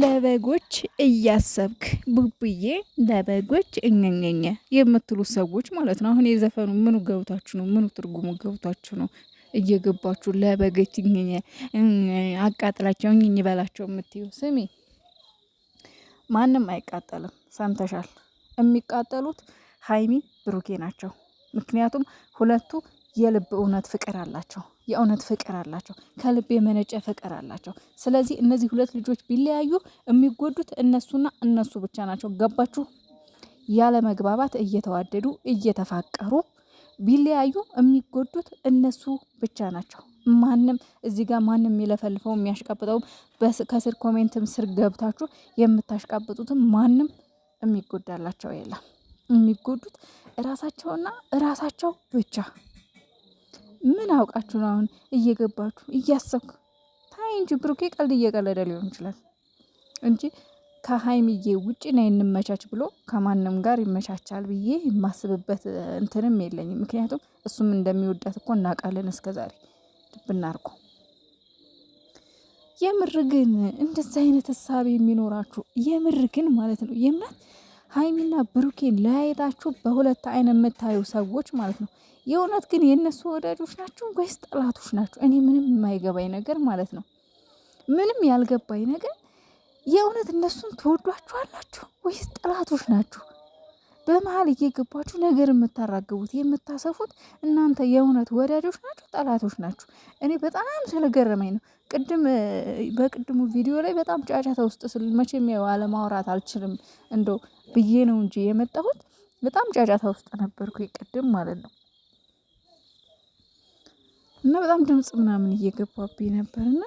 ለበጎች እያሰብክ ቡቡዬ ለበጎች እኛኛኛ የምትሉ ሰዎች ማለት ነው። አሁን የዘፈኑ ምኑ ገብታችሁ ነው? ምኑ ትርጉሙ ገብታችሁ ነው? እየገባችሁ ለበጎች እኛኛ አቃጥላቸው እኝኝ በላቸው የምትዩ ስሜ ማንም አይቃጠልም። ሰምተሻል? የሚቃጠሉት ሀይሚ ብሩኬ ናቸው። ምክንያቱም ሁለቱ የልብ እውነት ፍቅር አላቸው። የእውነት ፍቅር አላቸው። ከልብ የመነጨ ፍቅር አላቸው። ስለዚህ እነዚህ ሁለት ልጆች ቢለያዩ የሚጎዱት እነሱና እነሱ ብቻ ናቸው። ገባችሁ? ያለ መግባባት እየተዋደዱ እየተፋቀሩ ቢለያዩ የሚጎዱት እነሱ ብቻ ናቸው። ማንም እዚህ ጋር ማንም የሚለፈልፈው የሚያሽቀብጠውም ከስር ኮሜንትም ስር ገብታችሁ የምታሽቃብጡትም ማንም የሚጎዳላቸው የለም። የሚጎዱት እራሳቸውና እራሳቸው ብቻ ምን አውቃችሁ ነው አሁን እየገባችሁ እያሰብኩ ታይ እንጂ ብሩኬ ቀልድ እየቀለደ ሊሆን ይችላል እንጂ ከሀይሚዬ ውጭ ና እንመቻች ብሎ ከማንም ጋር ይመቻቻል ብዬ የማስብበት እንትንም የለኝም። ምክንያቱም እሱም እንደሚወዳት እኮ እናውቃለን። እስከ ዛሬ ብናርቆ የምር ግን እንደዚህ አይነት ሀሳብ የሚኖራችሁ የምር ግን ማለት ነው የምናት ሀይሚና ብሩኬ ለያየታችሁ በሁለት አይን የምታዩ ሰዎች ማለት ነው። የእውነት ግን የእነሱ ወዳጆች ናችሁ ወይስ ጠላቶች ናችሁ? እኔ ምንም የማይገባኝ ነገር ማለት ነው፣ ምንም ያልገባኝ ነገር የእውነት እነሱን ትወዷችኋላችሁ ወይስ ጠላቶች ናችሁ? በመሀል እየገባችሁ ነገር የምታራግቡት የምታሰፉት እናንተ የእውነት ወዳጆች ናችሁ ጠላቶች ናችሁ? እኔ በጣም ስለገረመኝ ነው። ቅድም በቅድሙ ቪዲዮ ላይ በጣም ጫጫታ ውስጥ ስል መቼም ያው አለማውራት አልችልም እንደው ብዬ ነው እንጂ የመጣሁት በጣም ጫጫታ ውስጥ ነበርኩ ቅድም ማለት ነው። እና በጣም ድምፅ ምናምን እየገባብኝ ነበርና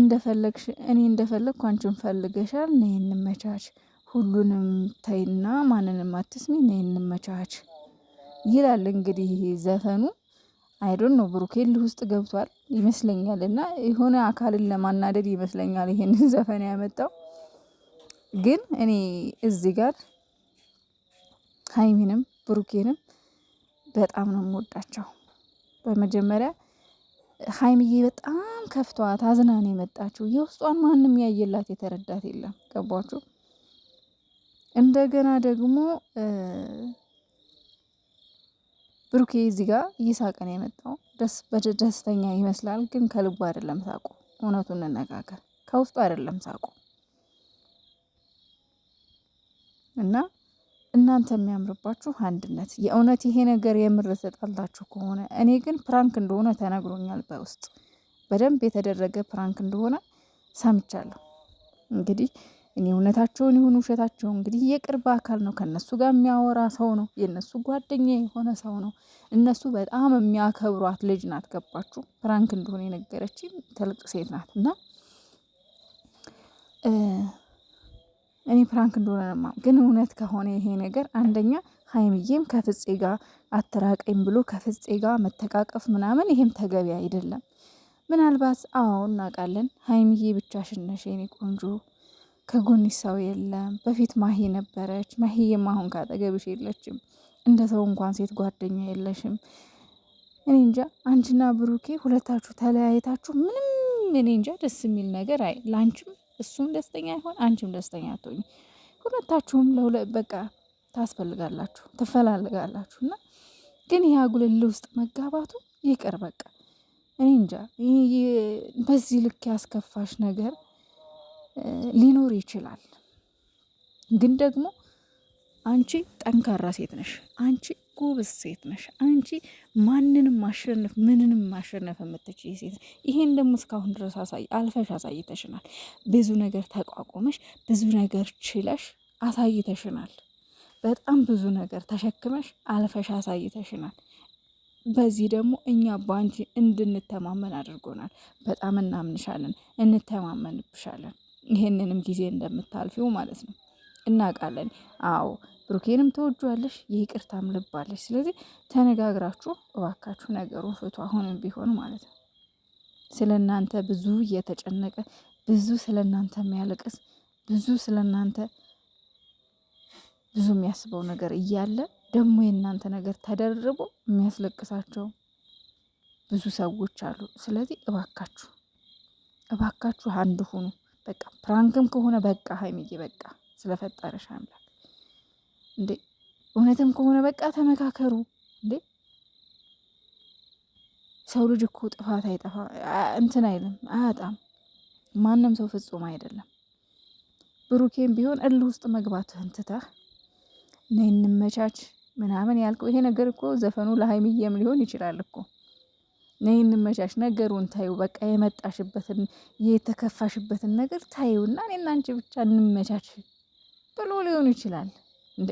እንደፈለግሽ እኔ እንደፈለግኩ አንቺን ፈልገሻል ነይ እንመቻች ሁሉንም ተይና ማንንም አትስሚ ነይ እንመቻች ይላል። እንግዲህ ዘፈኑ አይዶን ነው ብሩኬ እልህ ውስጥ ገብቷል ይመስለኛል፣ እና የሆነ አካልን ለማናደድ ይመስለኛል ይሄን ዘፈን ያመጣው። ግን እኔ እዚህ ጋር ሀይሚንም ብሩኬንም በጣም ነው የምወዳቸው። በመጀመሪያ ሀይሚዬ በጣም ከፍቷት አዝናን የመጣችው የውስጧን ማንም ያየላት የተረዳት የለም። ገባችሁ? እንደገና ደግሞ ብሩኬ እዚህ ጋር እየሳቀ የመጣው። ደስ ደስተኛ ይመስላል፣ ግን ከልቡ አይደለም ሳቁ። እውነቱ እንነጋገር፣ ከውስጡ አይደለም ሳቁ እና እናንተ የሚያምርባችሁ አንድነት የእውነት ይሄ ነገር የምር ከሆነ እኔ ግን ፕራንክ እንደሆነ ተነግሮኛል። በውስጥ በደንብ የተደረገ ፕራንክ እንደሆነ ሰምቻለሁ እንግዲህ እኔ እውነታቸውን ይሁን ውሸታቸው እንግዲህ የቅርብ አካል ነው። ከነሱ ጋር የሚያወራ ሰው ነው። የእነሱ ጓደኛ የሆነ ሰው ነው። እነሱ በጣም የሚያከብሯት ልጅ ናት። ገባችሁ? ፍራንክ እንደሆነ የነገረች ትልቅ ሴት ናት እና እኔ ፍራንክ እንደሆነ ነማ ግን እውነት ከሆነ ይሄ ነገር አንደኛ ሀይምዬም ከፍጼ ጋር አተራቀኝ ብሎ ከፍፄ ጋር መተቃቀፍ ምናምን ይሄም ተገቢ አይደለም። ምናልባት አዎ እናውቃለን፣ ሀይምዬ ብቻሽን ነሽ የኔ ቆንጆ ከጎን ሰው የለም። በፊት ማሂ ነበረች፣ ማሂዬም አሁን ካጠገብሽ የለችም። እንደ ሰው እንኳን ሴት ጓደኛ የለሽም። እኔ እንጃ አንቺና ብሩኬ ሁለታችሁ ተለያየታችሁ ምንም እኔ እንጃ ደስ የሚል ነገር አይ ለአንቺም እሱም ደስተኛ አይሆን አንቺም ደስተኛ አትሆኝ። ሁለታችሁም ለሁለ በቃ ታስፈልጋላችሁ፣ ትፈላልጋላችሁ እና ግን ይህ አጉልል ውስጥ መጋባቱ ይቅር በቃ እኔ እንጃ በዚህ ልክ ያስከፋሽ ነገር ሊኖር ይችላል። ግን ደግሞ አንቺ ጠንካራ ሴት ነሽ፣ አንቺ ጎበዝ ሴት ነሽ፣ አንቺ ማንንም ማሸነፍ ምንንም ማሸነፍ የምትችይ ሴት ነሽ። ይሄን ደግሞ እስካሁን ድረስ አሳይ አልፈሽ አሳይተሽናል። ብዙ ነገር ተቋቁመሽ፣ ብዙ ነገር ችለሽ አሳይተሽናል። በጣም ብዙ ነገር ተሸክመሽ አልፈሽ አሳይተሽናል። በዚህ ደግሞ እኛ በአንቺ እንድንተማመን አድርጎናል። በጣም እናምንሻለን፣ እንተማመንብሻለን። ይህንንም ጊዜ እንደምታልፊው ማለት ነው እናውቃለን። አዎ ብሩኬንም ተወጇለሽ፣ ይቅርታም ልባለሽ። ስለዚህ ተነጋግራችሁ እባካችሁ ነገሩን ፍቱ፣ አሁንም ቢሆን ማለት ነው። ስለ እናንተ ብዙ እየተጨነቀ ብዙ ስለ እናንተ የሚያለቅስ ብዙ ስለ እናንተ ብዙ የሚያስበው ነገር እያለ ደግሞ የእናንተ ነገር ተደርቦ የሚያስለቅሳቸው ብዙ ሰዎች አሉ። ስለዚህ እባካችሁ እባካችሁ አንድ ሁኑ። በቃ ፕራንክም ከሆነ በቃ ሀይሚዬ በቃ ስለፈጠረሽ አምላክ እንዴ እውነትም ከሆነ በቃ ተመካከሩ እንዴ። ሰው ልጅ እኮ ጥፋት አይጠፋ እንትን አይልም አያጣም። ማንም ሰው ፍጹም አይደለም። ብሩኬም ቢሆን እልህ ውስጥ መግባትህን ትተህ ነይ እንመቻች ምናምን ያልከው ይሄ ነገር እኮ ዘፈኑ ለሀይሚዬም ሊሆን ይችላል እኮ ነይን እንመቻች፣ ነገሩን ታዩ። በቃ የመጣሽበትን የተከፋሽበትን ነገር ታዩና እኔና አንቺ ብቻ እንመቻች ብሎ ሊሆን ይችላል። እንዴ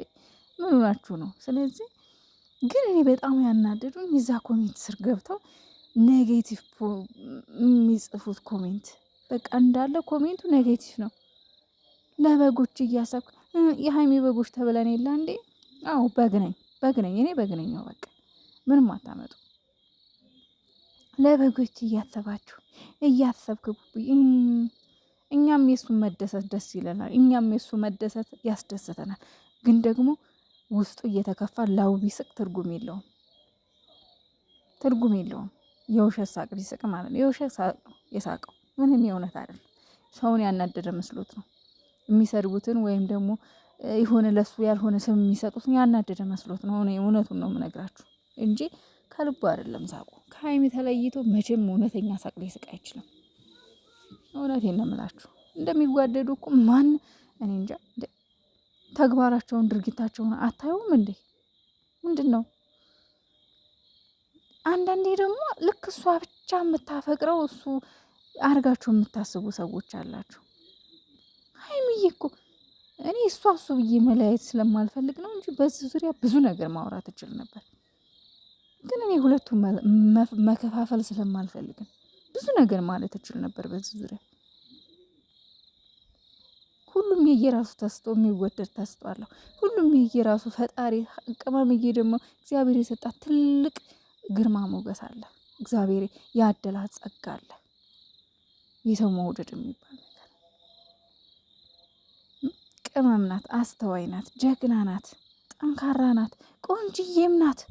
ምኑ ናችሁ ነው? ስለዚህ ግን እኔ በጣም ያናደዱኝ እዛ ኮሜንት ስር ገብተው ኔጌቲቭ የሚጽፉት ኮሜንት በቃ እንዳለ ኮሜንቱ ኔጌቲቭ ነው። ለበጎች እያሰብኩ የሀይሚ በጎች ተብለን የለ እንዴ? አዎ በግ ነኝ፣ በግ ነኝ፣ እኔ በግ ነኝ። በቃ ምንም አታመጡ። ለበጎች እያሰባችሁ እያሰብክ እኛም የሱ መደሰት ደስ ይለናል። እኛም የሱ መደሰት ያስደስተናል። ግን ደግሞ ውስጡ እየተከፋ ላው ቢስቅ ትርጉም የለውም፣ ትርጉም የለውም። የውሸት ሳቅ ቢስቅ ማለት ነው። የውሸት ሳቅ የሳቀው ምንም የእውነት አይደለም። ሰውን ያናደደ መስሎት ነው የሚሰድቡትን ወይም ደግሞ የሆነ ለሱ ያልሆነ ስም የሚሰጡትን ያናደደ መስሎት ነው። እውነቱን ነው የምነግራችሁ እንጂ ከልቡ አይደለም ሳቁ። ከሀይሚ ተለይቶ መቼም እውነተኛ ሳቅ ሊስቅ አይችልም። እውነቴን ነው የምላችሁ። እንደሚጓደዱ እኮ ማን እኔ እንጃ። ተግባራቸውን ድርጊታቸውን አታዩም እንዴ? ምንድን ነው? አንዳንዴ ደግሞ ልክ እሷ ብቻ የምታፈቅረው እሱ አድርጋችሁ የምታስቡ ሰዎች አላችሁ። ሀይሚዬ እኮ እኔ እሷ እሱ ብዬ መለያየት ስለማልፈልግ ነው እንጂ በዚህ ዙሪያ ብዙ ነገር ማውራት እችል ነበር። ግን እኔ ሁለቱም መከፋፈል ስለማልፈልግም ብዙ ነገር ማለት እችል ነበር በዚህ ዙሪያ። ሁሉም የየራሱ ተስጦ የሚወደድ ተስጦ አለው። ሁሉም የየራሱ ፈጣሪ ቅመምዬ ደግሞ እግዚአብሔር የሰጣት ትልቅ ግርማ ሞገስ አለ። እግዚአብሔር ያደላ ጸጋ አለ። የሰው መውደድ የሚባል ነገር ቅመም ናት፣ አስተዋይ ናት፣ ጀግና ናት፣ ጠንካራ ናት፣ ቆንጅዬም ናት።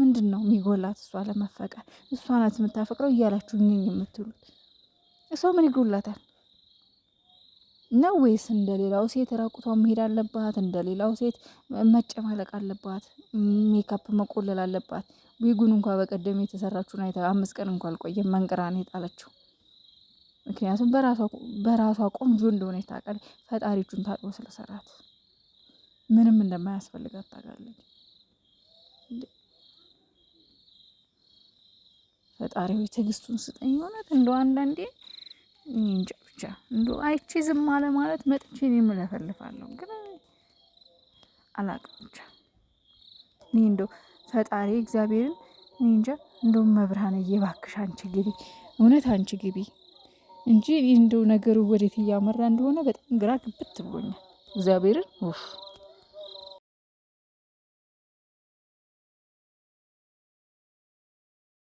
ምንድን ነው የሚጎላት? እሷ ለመፈቀር እሷ ናት የምታፈቅረው እያላችሁ እኝኝ የምትሉት እሷ ምን ይጎላታል ነው ወይስ እንደ ሌላው ሴት ራቁቷ መሄድ አለባት? እንደ ሌላው ሴት መጨማለቅ አለባት? ሜካፕ መቆለል አለባት? ዊጉን እንኳ በቀደም የተሰራችውን አይታ አምስት ቀን እንኳ አልቆየም መንቅራን የጣለችው። ምክንያቱም በራሷ ቆንጆ እንደሆነ ታውቃለች። ፈጣሪቹን ታጥቦ ስለሰራት ምንም እንደማያስፈልጋት ታውቃለች። ፈጣሪው ትዕግስቱን ስጠኝ። እውነት እንደ አንዳንዴ እንጃ ብቻ እንደው አይቼ ዝም አለ ማለት መጥቼ እኔም እለፈልፋለሁ፣ ግን አላቅም ብቻ እኔ እንደው ፈጣሪ እግዚአብሔርን እኔ እንጃ እንደው መብርሃን እየባክሽ አንቺ ግቢ፣ እውነት አንቺ ግቢ እንጂ እንደው ነገሩ ወዴት እያመራ እንደሆነ በጣም ግራ ግብት ብሎኛል። እግዚአብሔርን ውፍ